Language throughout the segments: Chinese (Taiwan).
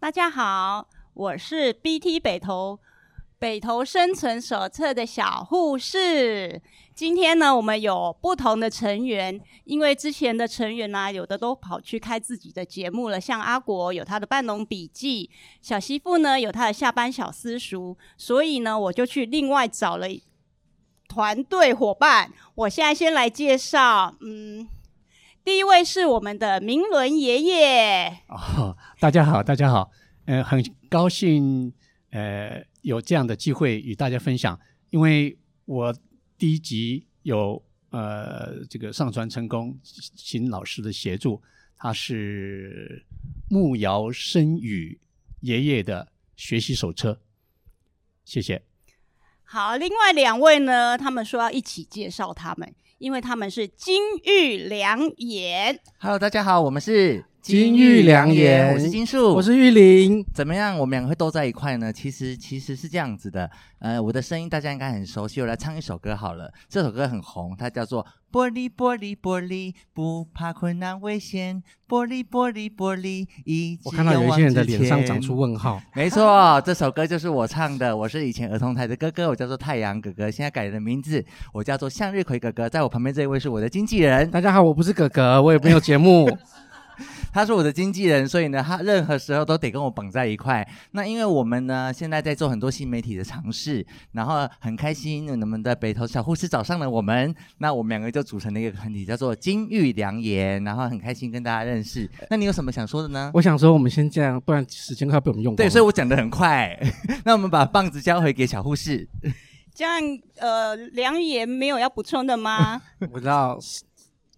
大家好，我是 BT 北投北投生存手冊的小護士。今天呢，我們有不同的成員，因為之前的成員呢、啊，有的都跑去開自己的節目了，像阿國有他的《半農筆記》，小媳婦呢有他的《下班小私塾》，所以呢，我就去另外找了團隊夥伴。我現在先來介紹，嗯。第一位是我們的明倫爺爺哦，大家好，大家好，呃，很高興，呃，有這樣的機會與大家分享，因為我第一集有呃這個上傳成功，請老師的協助，他是慕遙聲語爺爺的學習手冊，謝謝。好，另外兩位呢，他們說要一起介紹他們。因為他們是金玉良言。Hello，大家好，我們是。金玉，金玉良言，我是金樹，我是玉林。怎麼樣，我們兩個會都在一塊呢？其實其實是這樣子的，呃，我的聲音大家應該很熟悉，我來唱一首歌好了。這首歌很紅，它叫做《玻璃玻璃玻璃不怕困難危險》，玻璃玻璃玻璃一。我看到有一些人的臉上長出問號。沒錯，這首歌就是我唱的。我是以前兒童台的哥哥，我叫做太陽哥哥，現在改了名字，我叫做向日葵哥哥。在我旁邊這一位是我的經紀人。大家好，我不是哥哥，我也沒有節目。 他是我的經紀人，所以呢，他任何時候都得跟我綁在一塊。那因為我們呢，現在在做很多新媒體的嘗試，然後很開心，我們的北投小護士找上了我們。那我們兩個就組成了一個團體，叫做金玉良言，然後很開心跟大家認識。那你有什麼想說的呢？我想說，我們先這樣，不然時間快要被我們用光了。對，所以我講得很快。 那我們把棒子交回給小護士，這樣呃，良言沒有要補充的嗎？ 我知道。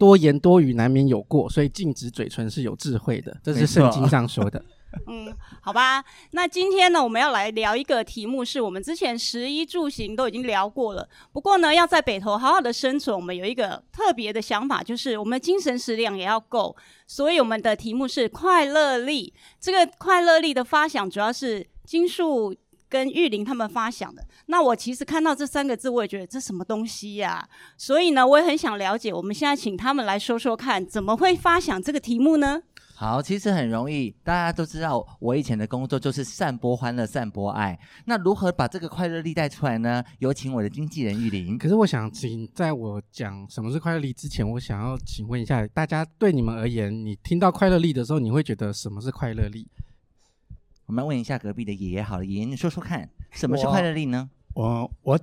多言多語難免有過，所以禁止嘴唇是有智慧的，這是聖經上說的。 嗯，好吧，那今天呢，我們要來聊一個題目，是我們之前食衣住行都已經聊過了。不過呢，要在北投好好的生存，我們有一個特別的想法，就是我們的精神食糧也要夠，所以我們的題目是快樂力。這個快樂力的發想，主要是金樹跟玉玲他們發想的，那我其實看到這三個字，我也覺得這什麼東西呀？啊？所以呢，我也很想了解，我們現在請他們來說說看，怎麼會發想這個題目呢？好，其實很容易，大家都知道，我以前的工作就是散播歡樂、散播愛。那如何把這個快樂力帶出來呢？有請我的經紀人玉玲。可是我想請，在我講什麼是快樂力之前，我想要請問一下大家，對你們而言，你聽到快樂力的時候，你會覺得什麼是快樂力？我們問一下隔壁的爺爺，好了，爺爺，你說說看，什麼是快樂力呢？我我我，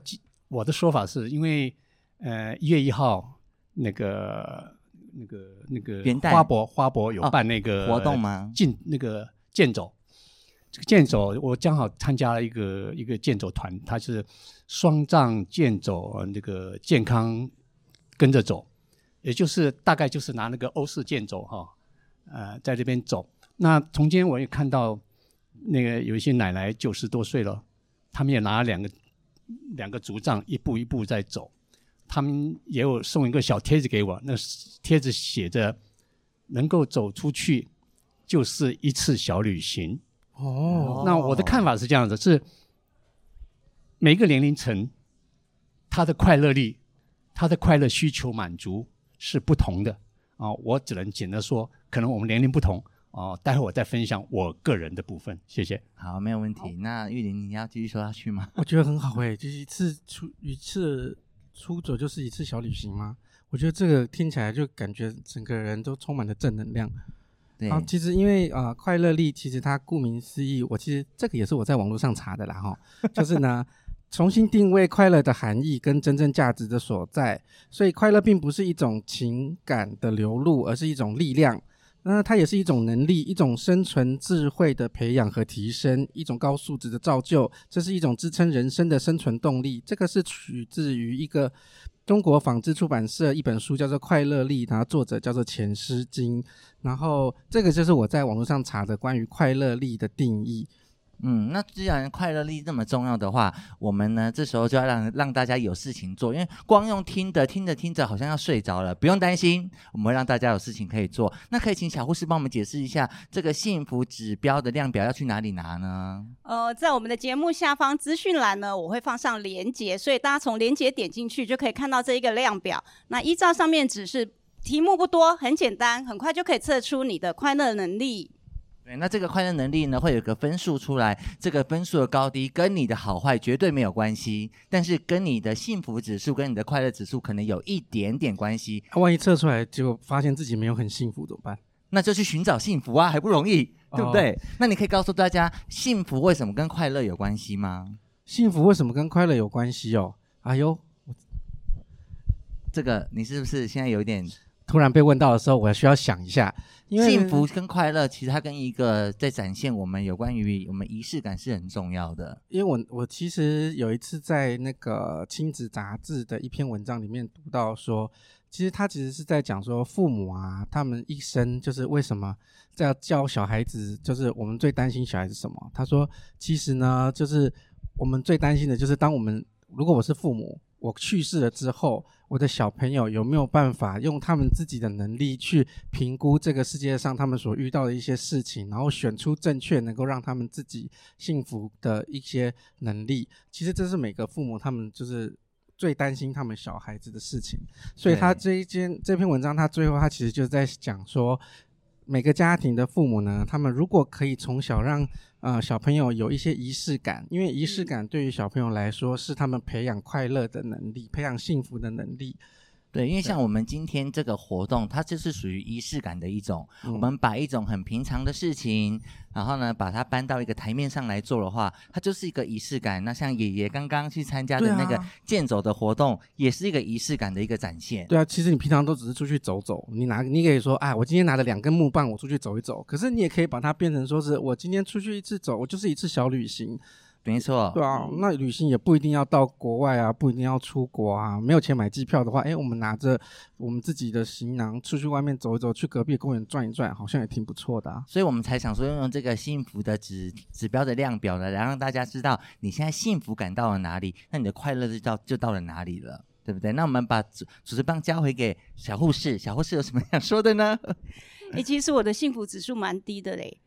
我的說法是因為，呃，一月一號那個那個那個元旦花博花博，有辦那個，哦、活動嗎？健那個健走，這個健走，我剛好參加了一個一個健走團，它是雙杖健走，那個健康跟着走，也就是大概就是拿那個歐式健走哈，呃，在這邊走。那從今天我也看到，那個有一些奶奶九十多歲了，他們也拿了兩個兩個竹杖一步一步在走。他們也有送一個小貼子給我，那貼子寫着“能夠走出去就是一次小旅行”。Oh，哦、嗯，那我的看法是這樣子：是每個年齡層他的快樂力、他的快樂需求滿足是不同的啊。我只能簡單說，可能我們年齡不同。哦，待會兒我再分享我個人的部分，謝謝。好，沒有問題。哦、那玉林，你要繼續說下去嗎？我覺得很好誒，就是一次出一次出走就是一次小旅行嘛？我覺得這個聽起來就感覺整個人都充滿了正能量。對。啊，其實因為啊、呃，快樂力其實它顧名思義，我其實這個也是我在網絡上查的啦哈。就是呢， 重新定位快樂的含義跟真正價值的所在。所以快樂並不是一種情感的流露，而是一種力量。那它也是一種能力，一種生存智慧的培養和提升，一種高素質的造就，這是一種支撐人生的生存動力。這個是取自於一個中國紡織出版社一本書，叫做《快樂力》，然後作者叫做錢詩金，然後這個就是我在網絡上查的關於快樂力的定義。嗯，那既然快樂力這麼重要的話，我們呢這時候就要讓讓大家有事情做，因為光用聽的聽着聽着好像要睡着了，不用擔心，我們會讓大家有事情可以做。那可以請小護士幫我們解釋一下這個幸福指標的量表要去哪裡拿呢？呃，在我們的節目下方資訊欄呢，我會放上連結，所以大家從連結點進去就可以看到這一個量表。那依照上面指示，題目不多，很簡單，很快就可以測出你的快樂能力。對，那這個快樂能力呢，會有個分數出來，這個分數的高低跟你的好壞絕對沒有關係，但是跟你的幸福指數跟你的快樂指數可能有一點點關係。他萬一測出來就發現自己沒有很幸福怎麼辦？那就去尋找幸福啊，還不容易，對不對？哦？那你可以告訴大家，幸福為什麼跟快樂有關係嗎？幸福為什麼跟快樂有關係哦？哎呦，我這個你是不是現在有點？突然被問到的時候，我需要想一下，因為幸福跟快樂，其實它跟一個在展現我們有關於我們儀式感是很重要的。因為我我其實有一次在那個親子雜誌的一篇文章裡面讀到說，其實他其實是在講說父母啊，他們一生就是為什麼在教小孩子，就是我們最擔心小孩子是什麼？他說，其實呢，就是我們最擔心的就是當我們如果我是父母。我去世了之後，我的小朋友有沒有辦法用他們自己的能力去評估這個世界上他們所遇到的一些事情，然後選出正確能夠讓他們自己幸福的一些能力？其實這是每個父母他們就是最擔心他們小孩子的事情。所以他這一篇這篇文章，他最後他其實就在講說。每個家庭的父母呢，他們如果可以從小讓，呃，小朋友有一些儀式感，因為儀式感對於小朋友來說是他們培養快樂的能力，培養幸福的能力。對，因為像我們今天這個活動，它就是屬於儀式感的一種、嗯。我們把一種很平常的事情，然後呢把它搬到一個台面上來做的話，它就是一個儀式感。那像爺爺剛剛去參加的那個健走的活動、啊，也是一個儀式感的一個展現。對啊，其實你平常都只是出去走走，你拿你可以說啊、哎，我今天拿了兩根木棒，我出去走一走。可是你也可以把它變成說是我今天出去一次走，我就是一次小旅行。沒錯，對啊，那旅行也不一定要到國外啊，不一定要出國啊。沒有錢買機票的話，哎、欸，我們拿着我們自己的行囊出去外面走一走，去隔壁公園轉一轉，好像也挺不錯的啊。所以我們才想說，用用這個幸福的指指標的量表呢，來讓大家知道你現在幸福感到了哪裡，那你的快樂就到就到了哪裡了，對不對？那我們把主主持棒交回給小護士，小護士有什麼想說的呢？哎、欸，其實我的幸福指數蠻低的嘞。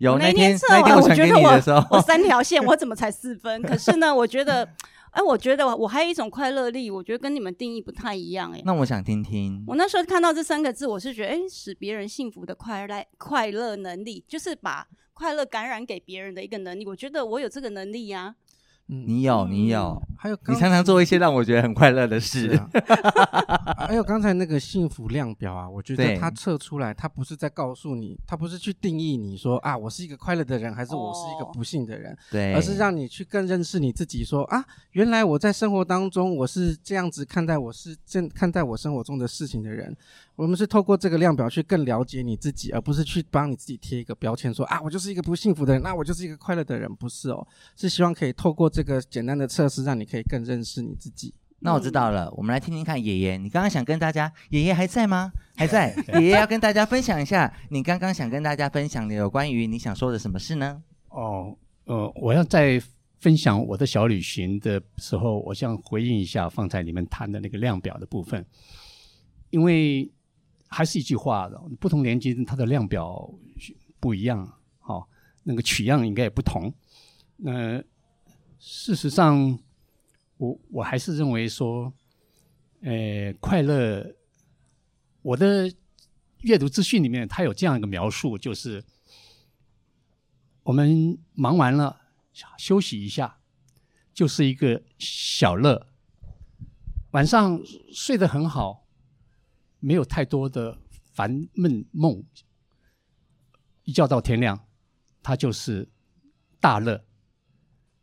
有那天每天測完，我覺得我 我三條線，我怎麼才四分？ 可是呢，我覺得，哎、欸，我覺得我還有一種快樂力，我覺得跟你們定義不太一樣哎、欸。那我想聽聽，我那時候看到這三個字，我是覺得，哎、欸，使別人幸福的快樂快樂能力，就是把快樂感染給別人的一個能力，我覺得我有這個能力呀、啊。你有、嗯，你有，還有剛才你常常做一些讓我覺得很快樂的事。嗯、還有剛才那個幸福量表啊， 我覺得它測出來，它不是在告訴你，它不是去定義你說啊，我是一個快樂的人，還是我是一個不幸的人，哦、對，而是讓你去更認識你自己說，說啊，原來我在生活當中我是這樣子看待，我是正看待我生活中的事情的人。我們是透過這個量表去更了解你自己，而不是去幫你自己貼一個標籤，說啊，我就是一個不幸福的人，那、啊、我就是一個快樂的人，不是哦？是希望可以透過這個簡單的測試，讓你可以更認識你自己。那我知道了，嗯、我們來聽聽看，爺爺，你剛剛想跟大家，爺爺還在嗎？還在。爺爺要跟大家分享一下， 你剛剛想跟大家分享的有關於你想說的什麼事呢？哦、呃，呃，我要在分享我的小旅行的時候，我想回應一下放在你們談的那個量表的部分，因為。還是一句話的，不同年紀它的量表不一樣，好、哦，那個取樣應該也不同。那、呃、事實上，我我還是認為說，呃，快樂，我的閱讀資訊裡面它有這樣一個描述，就是我們忙完了休息一下，就是一個小樂，晚上睡得很好。沒有太多的煩悶夢，一覺到天亮，他就是大樂。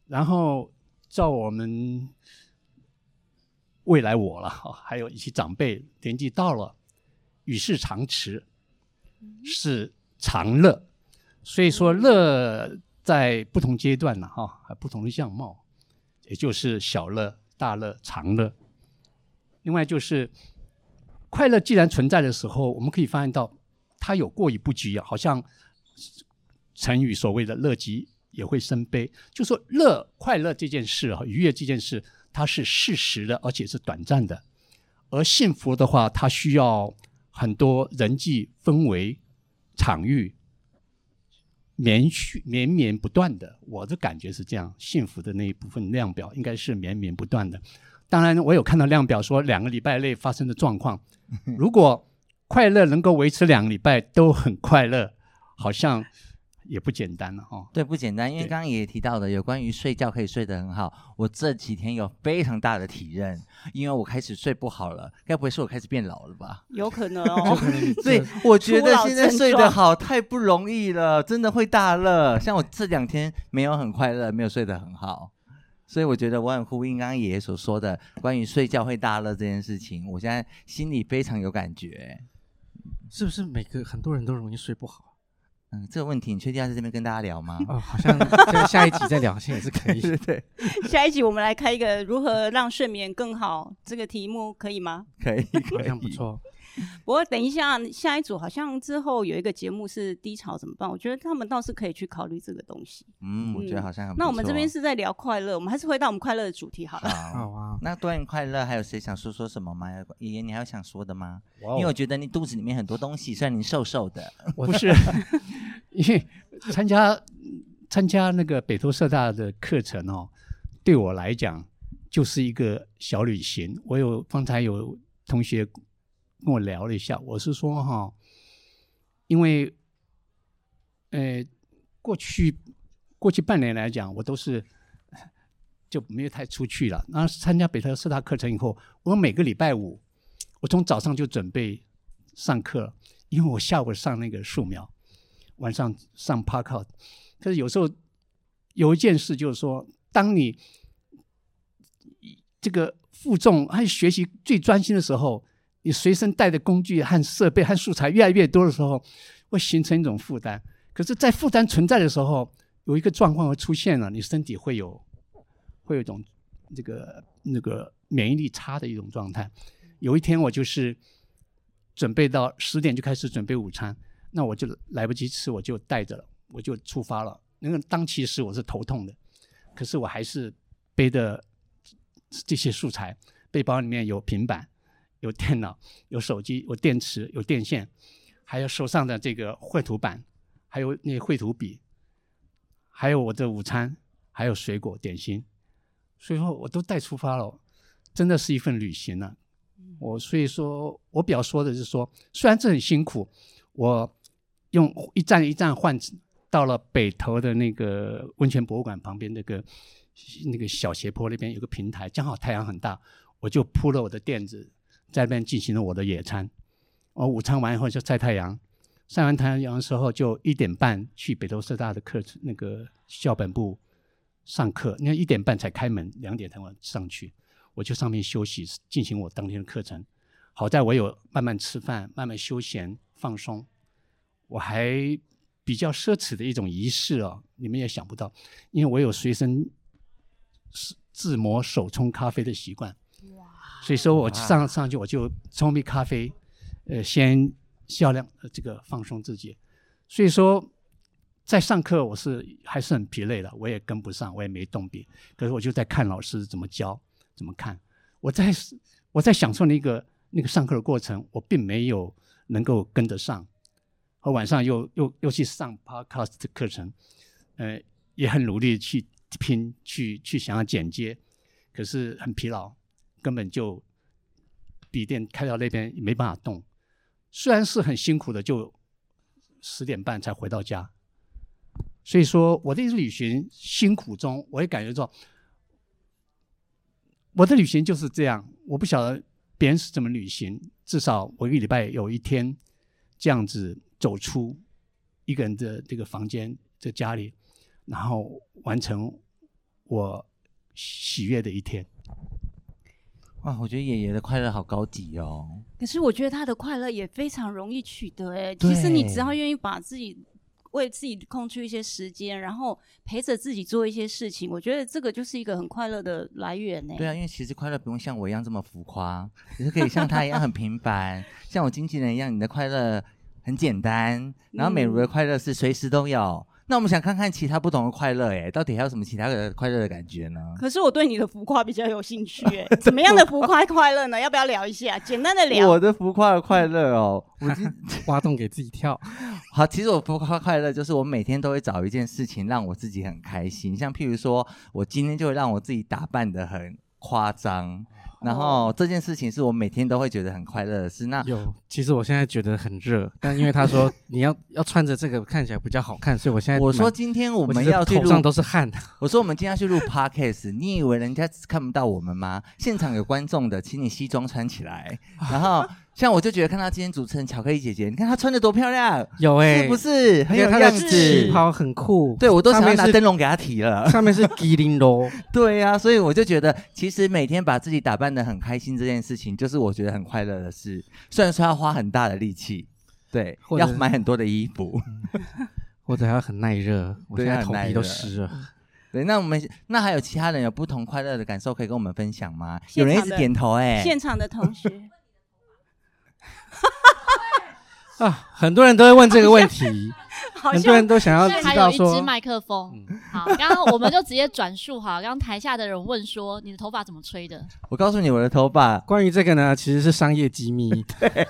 然後照我們未來我了哈，還有一些長輩年紀到了，與世長辭是長樂。所以說樂在不同階段呢，哈，不同的相貌，也就是小樂、大樂、長樂。另外就是。快樂既然存在的時候，我們可以發現到它有過猶不及，好像成語所謂的“樂極也會生悲”。就說樂快樂這件事、愉悅這件事，它是適時的，而且是短暫的；而幸福的話，它需要很多人際氛圍、場域綿續綿綿不斷的。我的感覺是這樣，幸福的那一部分量表應該是綿綿不斷的。當然，我有看到量表說兩個禮拜內發生的狀況。如果快樂能夠維持兩個禮拜都很快樂，好像也不簡單了，啊、哈、哦。對，不簡單，因為剛剛也提到的，有關於睡覺可以睡得很好。我這幾天有非常大的體驗，因為我開始睡不好了。該不會是我開始變老了吧？有可能、哦。 所以我覺得現在睡得好太不容易了，真的會大樂。像我這兩天沒有很快樂，沒有睡得很好。所以我覺得我很呼應剛剛爺爺所說的關於睡覺會大樂這件事情，我現在心裡非常有感覺。是不是每個很多人都容易睡不好？嗯，這個問題你確定要在這邊跟大家聊嗎？哦，好像，像下一集再聊，其 實也是可以。下一集我們來開一個如何讓睡眠更好這個題目可，可以嗎？可以，好像不錯。不過等一下，下一組好像之後有一個節目是低潮怎麼辦？我覺得他們倒是可以去考慮這個東西。嗯，嗯我覺得好像很不。那我們這邊是在聊快樂，我們還是回到我們快樂的主題好了。好、wow. 啊、哦哦哦。那多元快樂，還有誰想說說什麼嗎？爺爺，你還有想說的嗎？哦、因為我覺得你肚子裡面很多東西，雖然你瘦瘦的。不是， 因為參加參加那個北投社大的課程哦，對我來講就是一個小旅行。我有方才有同學。跟我聊了一下，我是說哈，因為，呃，過去過去半年來講，我都是就沒有太出去了。然後參加北特四大課程以後，我每個禮拜五，我從早上就準備上課，因為我下午上那個素描，晚上上 Parkour。可是有時候有一件事就是說，當你這個負重還是學習最專心的時候。你隨身帶的工具和設備和素材越來越多的時候，會形成一種負擔。可是，在負擔存在的時候，有一個狀況會出現了啊，你身體會有，會有一種這個那個免疫力差的一種狀態。有一天，我就是準備到十點就開始準備午餐，那我就來不及吃，我就帶着了，我就出發了。那個當其實我是頭痛的，可是我還是背的這些素材，背包裡面有平板。有電腦，有手機，有電池，有電線，還有手上的這個繪圖板，還有那繪圖筆，還有我的午餐，還有水果點心，所以說我都帶出發了，真的是一份旅行了、啊。我所以說，我比較說的是說，雖然這很辛苦，我用一站一站換到了北投的那個溫泉博物館旁邊那個那個小斜坡那邊有個平台，正好太陽很大，我就鋪了我的墊子。在那邊進行了我的野餐，我午餐完以後就曬太陽，曬完太陽的時候就一點半去北投師大的課程那個校本部上課，那一點半才開門，兩點才會上去，我就上面休息，進行我當天的課程。好在我有慢慢吃飯、慢慢休閒、放鬆，我還比較奢侈的一種儀式哦，你們也想不到，因為我有隨身是自磨手沖咖啡的習慣。哇。所以說我上上去我就沖杯咖啡，呃，先銷量這個放鬆自己。所以說，在上課我是還是很疲累的，我也跟不上，我也沒動筆。可是我就在看老師怎麼教，怎麼看。我在我在享受那個那個上課的過程，我並沒有能夠跟得上。和晚上又又又去上 podcast 的課程，呃，也很努力去拼去去想要剪接，可是很疲勞。根本就，筆電開到那邊也沒辦法動，雖然是很辛苦的，就十點半才回到家。所以說，我的一次旅行辛苦中，我也感覺到我的旅行就是這樣。我不曉得別人是怎麼旅行，至少我一個禮拜有一天這樣子走出一個人的這個房間在家裡，然後完成我喜悅的一天。啊，我覺得爺爺的快樂好高級哦。可是我覺得他的快樂也非常容易取得誒。其實你只要願意把自己為自己空出一些時間，然後陪着自己做一些事情，我覺得這個就是一個很快樂的來源呢。對啊，因為其實快樂不用像我一樣這麼浮誇，你 是可以像他一樣很平凡， 像我經紀人一樣，你的快樂很簡單。嗯、然後美如的快樂是隨時都有。那我們想看看其他不同的快樂耶，到底還有什麼其他的快樂的感覺呢？可是我對你的浮誇比較有興趣耶，怎 麼樣的浮誇快樂呢？ 要不要聊一下？簡單的聊。我的浮誇快樂哦、喔， 我就挖洞給自己跳。 好，其實我浮誇快樂就是我每天都會找一件事情讓我自己很開心，像譬如說我今天就會讓我自己打扮得很誇張。然後這件事情是我每天都會覺得很快樂的事。那有，其實我現在覺得很熱，但因為他說，你要 要穿着這個看起來比較好看，所以我現在我說今天我們要去錄，我頭上都是汗 我說我們今天要去錄 Podcast，你以為人家看不到我們嗎？現場有觀眾的，請你西裝穿起來。然後。 像我就覺得看她今天主持人巧克力姐姐，你看她穿的多漂亮，有哎、欸，是不是很有樣子？旗袍很酷。對，我都想要拿燈籠給她提了。上面是麒麟龍， 對呀、啊。所以我就覺得，其實每天把自己打扮的很開心這件事情，就是我覺得很快樂的事。雖然說要花很大的力氣，對，要買很多的衣服，嗯、或者還要很耐熱。 我現在頭皮都濕了對。對，那我們那還有其他人有不同快樂的感受可以跟我們分享嗎？有人一直點頭哎、欸，現場的同學。 啊，很多人都會問這個問題， 很多人都想要知道說。還有一支麥克風，嗯、好，剛剛我們就直接轉述哈。剛剛 台下的人問說：“你的頭髮怎麼吹的？”我告訴你，我的頭髮，關於這個呢，其實是商業機密。 對。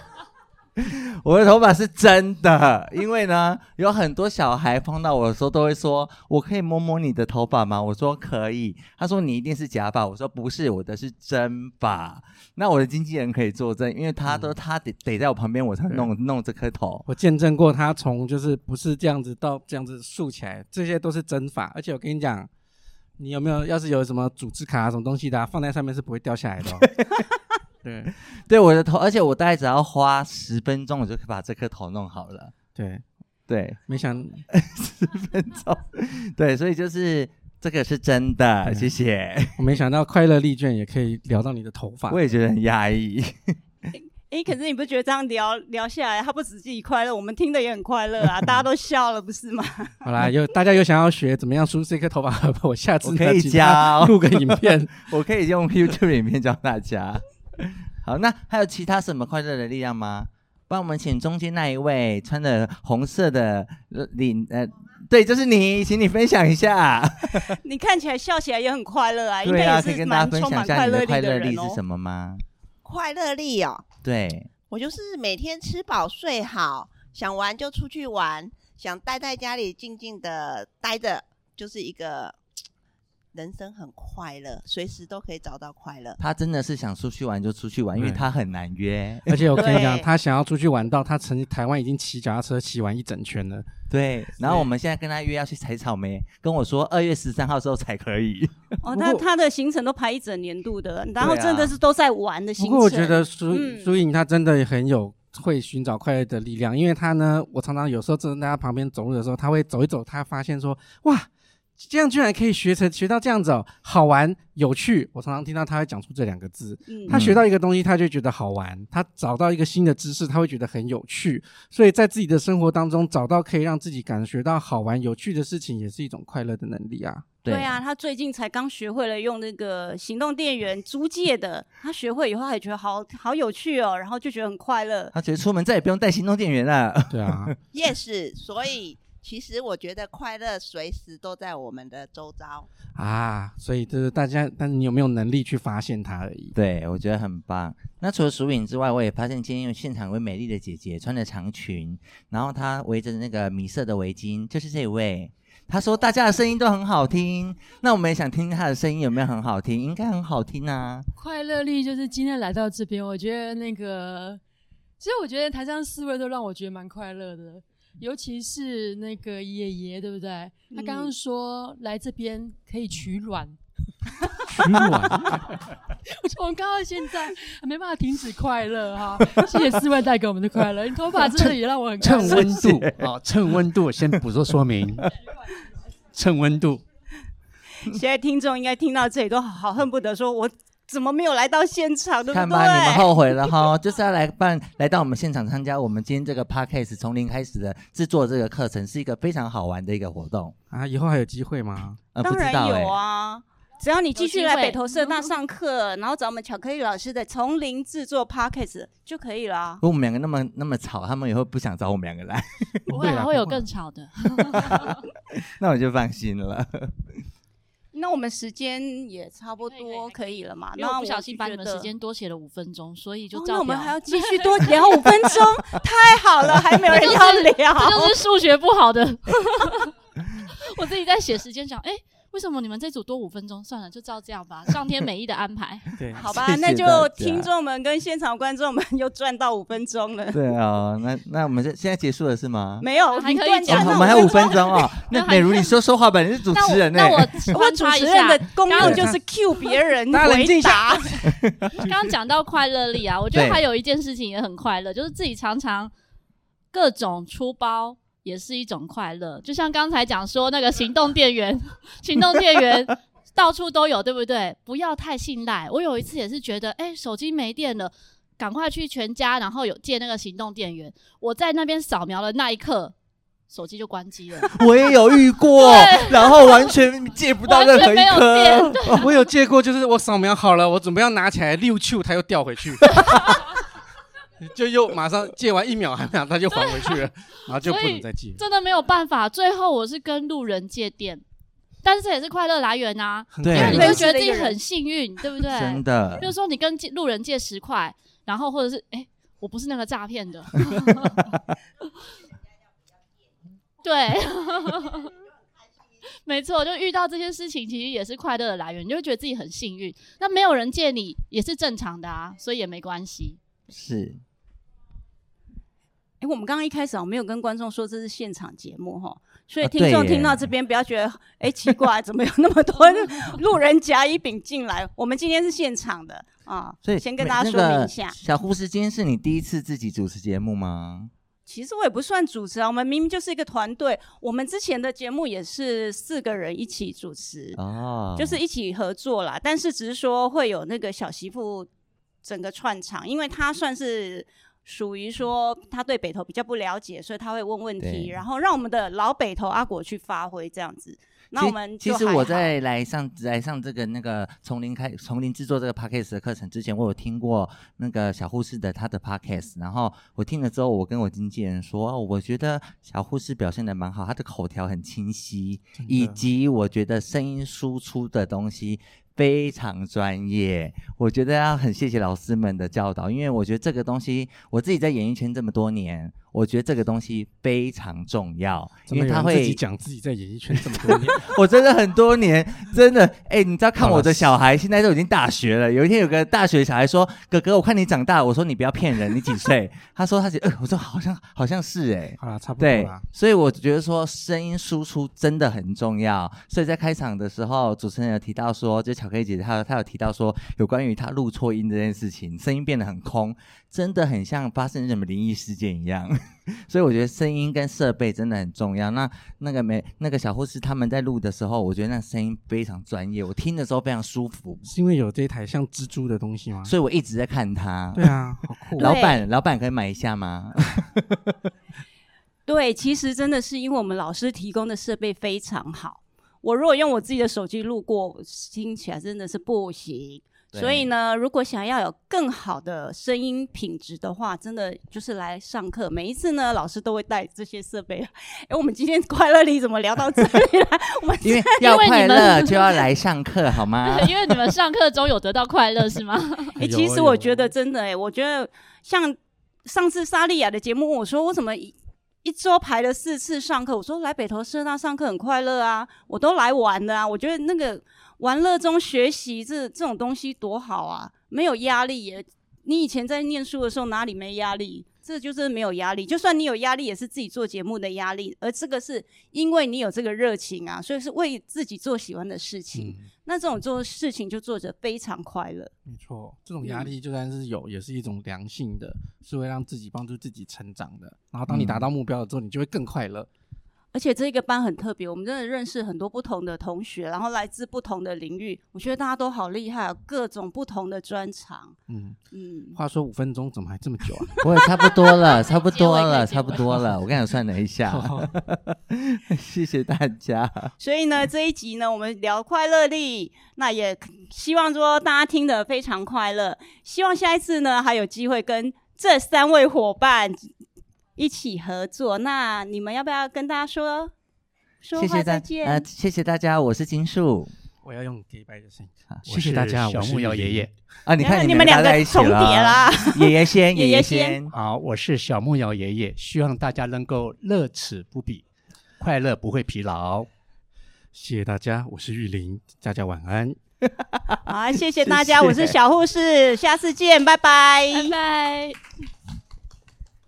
我的頭髮是真的，因為呢，有很多小孩碰到我的時候都會說：“我可以摸摸你的頭髮嗎？”我說：“可以。”他說：“你一定是假髮。”我說：“不是，我的是真髮。”那我的經紀人可以作證，因為他都、嗯、他得得在我旁邊我才弄弄這顆頭，我見證過他從就是不是這樣子到這樣子豎起來，這些都是真髮。而且我跟你講，你有沒有要是有什麼組織卡、啊、什麼東西的、啊、放在上面是不會掉下來的、哦。 對，對我的頭，而且我大概只要花十分鐘，我就可以把這顆頭弄好了。對，對，沒想到 十分鐘，對，所以就是這個是真的、嗯，謝謝。我沒想到快樂力卷也可以聊到你的頭髮， 我也覺得很壓抑。哎 、欸欸，可是你不覺得這樣聊聊下來，他不止自己快樂，我們聽得也很快樂啊， 大家都笑了，不是嗎？ 好啦，有大家有想要學怎麼樣梳這顆頭髮， 我下次我可以教，錄個影片， 我可以用 YouTube 影片教大家。 好，那還有其他什麼快樂的力量嗎？幫我們請中間那一位，穿着紅色的領，呃，對，就是你，請你分享一下。 你看起來笑起來也很快樂啊，對啊，應該也是蠻充滿快樂力的人哦。可以跟大家分享一下你的快樂力是什麼嗎？快樂力哦，對我就是每天吃飽睡好，想玩就出去玩，想待在家裡靜靜的待着，就是一個，人生很快樂，隨時都可以找到快樂。他真的是想出去玩就出去玩，因為他很難約。而且我跟你講， 他想要出去玩到他曾經台灣已經騎腳踏車騎完一整圈了。對。然後我們現在跟他約要去採草莓，跟我說二月十三號之後才可以。哦，那他的行程都排一整年度的，然後真的是都在玩的行程。啊、不過我覺得蘇蘇穎他真的很有會尋找快樂的力量，因為他呢，我常常有時候在他旁邊走路的時候，他會走一走，他發現說哇。這樣居然可以學成學到這樣子哦，好玩有趣。我常常聽到他會講出這兩個字，嗯，他學到一個東西，他就會覺得好玩；他找到一個新的知識，他會覺得很有趣。所以在自己的生活當中找到可以讓自己感覺到好玩有趣的事情，也是一種快樂的能力啊。對啊，他最近才剛學會了用那個行動電源租借的，他學會以後還覺得好好有趣哦，然後就覺得很快樂。他覺得出門再也不用帶行動電源了。對啊。Yes，所以。其實我覺得快樂隨時都在我們的周遭啊，所以就是大家，但是你有沒有能力去發現它而已。對，我覺得很棒。那除了薯餅之外，我也發現今天現場有一位美麗的姐姐，穿着長裙，然後她圍着那個米色的圍巾，就是這一位。她說大家的聲音都很好聽，那我們也想聽聽她的聲音有沒有很好聽，應該很好聽啊。快樂力就是今天來到這邊，我覺得那個，其實我覺得台上四位都讓我覺得蠻快樂的。尤其是那個爺爺，對不對？嗯、他剛剛說來這邊可以取暖。取、嗯、暖， 我，我們剛剛現在沒辦法停止快樂哈！ 謝謝四位帶給我們的快樂。你 頭髮真的也讓我很。快趁，趁，趁溫度啊、哦，趁溫度先補做說，說明。 趁溫度。現在聽眾應該聽到這裡都好恨不得說我。怎麼沒有來到現場，都看吧，你們後悔了哈！就是要來辦， 來到我們現場參加我們今天這個 podcast 從零開始的製作這個課程，是一個非常好玩的一個活動啊！以後還有機會嗎？呃、當然不知道、欸、有啊！只要你繼續來北投社大上課，然後找我們巧克力老師的從零製作 podcast 就可以了。不我們兩個那麼那麼吵，他們以後不想找我們兩個來，不然會,、啊、 會有更吵的。 那我就放心了。那我們時間也差不多可以了嘛？對對對，那我不，小對對對，我不小心把你們時間多寫了五分鐘，所以就這樣、哦、那我們還要繼續多聊五分鐘， 太好了，還沒有人要聊這、就是，這就是數學不好的。 我自己在寫時間，講哎。為什麼你們這組多五分鐘？算了，就照這樣吧，上天美意的安排。 對，好吧，謝謝，那就聽眾們跟現場觀眾們又賺到五分鐘了。對啊、哦，那那我們就現在結束了是嗎？沒有，還可以，我們還有五分鐘啊、哦。 那美如你說說話吧，你是主持人 那我主持人的功用就是 Q 別人回答。剛剛講到快樂力啊，我覺得還有一件事情也很快樂，就是自己常常各種出包。也是一種快樂，就像剛才講說那個行動電源， 行動電源到處都有，對不對？不要太信賴。我有一次也是覺得，哎、欸，手機沒電了，趕快去全家，然後有借那個行動電源。我在那邊掃描了那一刻，手機就關機了。我也有遇過， 然後完全借不到任何一顆 完全沒有電，對。我有借過，就是我掃描好了，我準備要拿起來溜出它又掉回去。 就又馬上借完，一秒還沒， 他就還回去了、啊，然後就不能再借。真的沒有辦法。最後我是跟路人借電，但是這也是快樂來源吶、啊，因為、啊啊、你就覺得自己很幸運，對不對？真的。比如說你跟路人借十塊，然後或者是哎、欸，我不是那個詐騙的，對 沒錯。就遇到這些事情，其實也是快樂的來源，你就會覺得自己很幸運。 那沒有人借你也是正常的啊，所以也沒關係。是。我們剛剛一開始我沒有跟觀眾說這是現場節目哈、哦，所以聽眾聽到這邊不要覺得奇怪，怎麼有那麼多人 路人甲乙丙進來？我們今天是現場的啊、哦，所以先跟大家說明一下。那個、小護士，今天是你第一次自己主持節目嗎？其實我也不算主持啊，我們明明就是一個團隊，我們之前的節目也是四個人一起主持、oh. 就是一起合作啦。但是只是說會有那個小媳婦整個串場，因為她算是。屬於說他對北投比較不了解，所以他會問問題，然後讓我們的老北投阿果去發揮這樣子。那我們就其實我在來上來上這個那個從零開從零製作這個 podcast 的課程之前，我有聽過那個小護士的他的 podcast，然後我聽了之後，我跟我經紀人說，我覺得小護士表現得蠻好，他的口條很清晰，以及我覺得聲音輸出的東西。非常專業，我覺得要很謝謝老師們的教導，因為我覺得這個東西，我自己在演藝圈這麼多年，我覺得這個東西非常重要，怎麼因為他會自己講自己在演藝圈這麼多年， 我真的很多年，真的，哎、欸，你知道看我的小孩現在都已經大學了，有一天有個大學小孩說，哥哥，我看你長大，我說你不要騙人，你幾歲？ 他說他幾，我說好像好像是哎、欸，好了差不多，對，所以我覺得說聲音輸出真的很重要，所以在開場的時候，主持人有提到說就想。可以，姐姐，她她有提到說，有關於她錄錯音這件事情，聲音變得很空，真的很像發生什麼靈異事件一樣。 所以我覺得聲音跟設備真的很重要。那那個沒那個小護士他們在錄的時候，我覺得那聲音非常專業，我聽的時候非常舒服。是因為有這一台像蜘蛛的東西嗎？所以我一直在看它。對啊，好酷！ 老板闆， 老板可以買一下嗎？ 對，其實真的是因為我們老師提供的設備非常好。我如果用我自己的手機錄過，聽起來真的是不行。所以呢，如果想要有更好的聲音品質的話，真的就是來上課。每一次呢，老師都會帶這些設備。誒、欸，我們今天快樂力怎麼聊到這裡來？我們今天因為你們要就要來上課好嗎？ 因為你們上課中有得到快樂 是嗎？誒， 其實我覺得真的誒、欸，我覺得像上次莎莉亞的節目，我說我怎麼一周排了四次上課，我說來北投社大上課很快樂啊，我都來玩的啊，我覺得那個玩樂中學習這這種東西多好啊，沒有壓力耶，你以前在念書的時候哪裡沒壓力？這就是沒有壓力，就算你有壓力，也是自己做節目的壓力。而這個是因為你有這個熱情啊，所以是為自己做喜歡的事情。嗯。那這種做事情就做着非常快樂。沒錯，這種壓力就算是有，嗯。也是一種良性的，是會讓自己幫助自己成長的。然後當你達到目標的時候，你就會更快樂。而且這個班很特別，我們真的認識很多不同的同學，然後來自不同的領域，我覺得大家都好厲害，各種不同的專長。嗯嗯，話說五分鐘怎麼還這麼久啊？我也差不多了，差不多了，差不多了。多了 我剛才算了一下， 謝謝大家。所以呢，這一集呢，我們聊快樂力，那也希望說大家聽得非常快樂。希望下一次呢，還有機會跟這三位夥伴。一起合作，那你們要不要跟大家說？說話謝謝再見啊！謝謝大家，我是金樹。我要用李白的聲音、啊、爺爺謝謝大家，我是小慕遙爺爺啊！你看你們，你們兩個重疊了 爺爺。爺爺先，爺爺先。好，我是小慕遙爺爺，希望大家能夠樂此不疲，快樂不會疲勞。 謝謝大家，我是玉林，大家晚安。 好，謝謝大家，我是小護士， 下次見，拜拜，拜拜。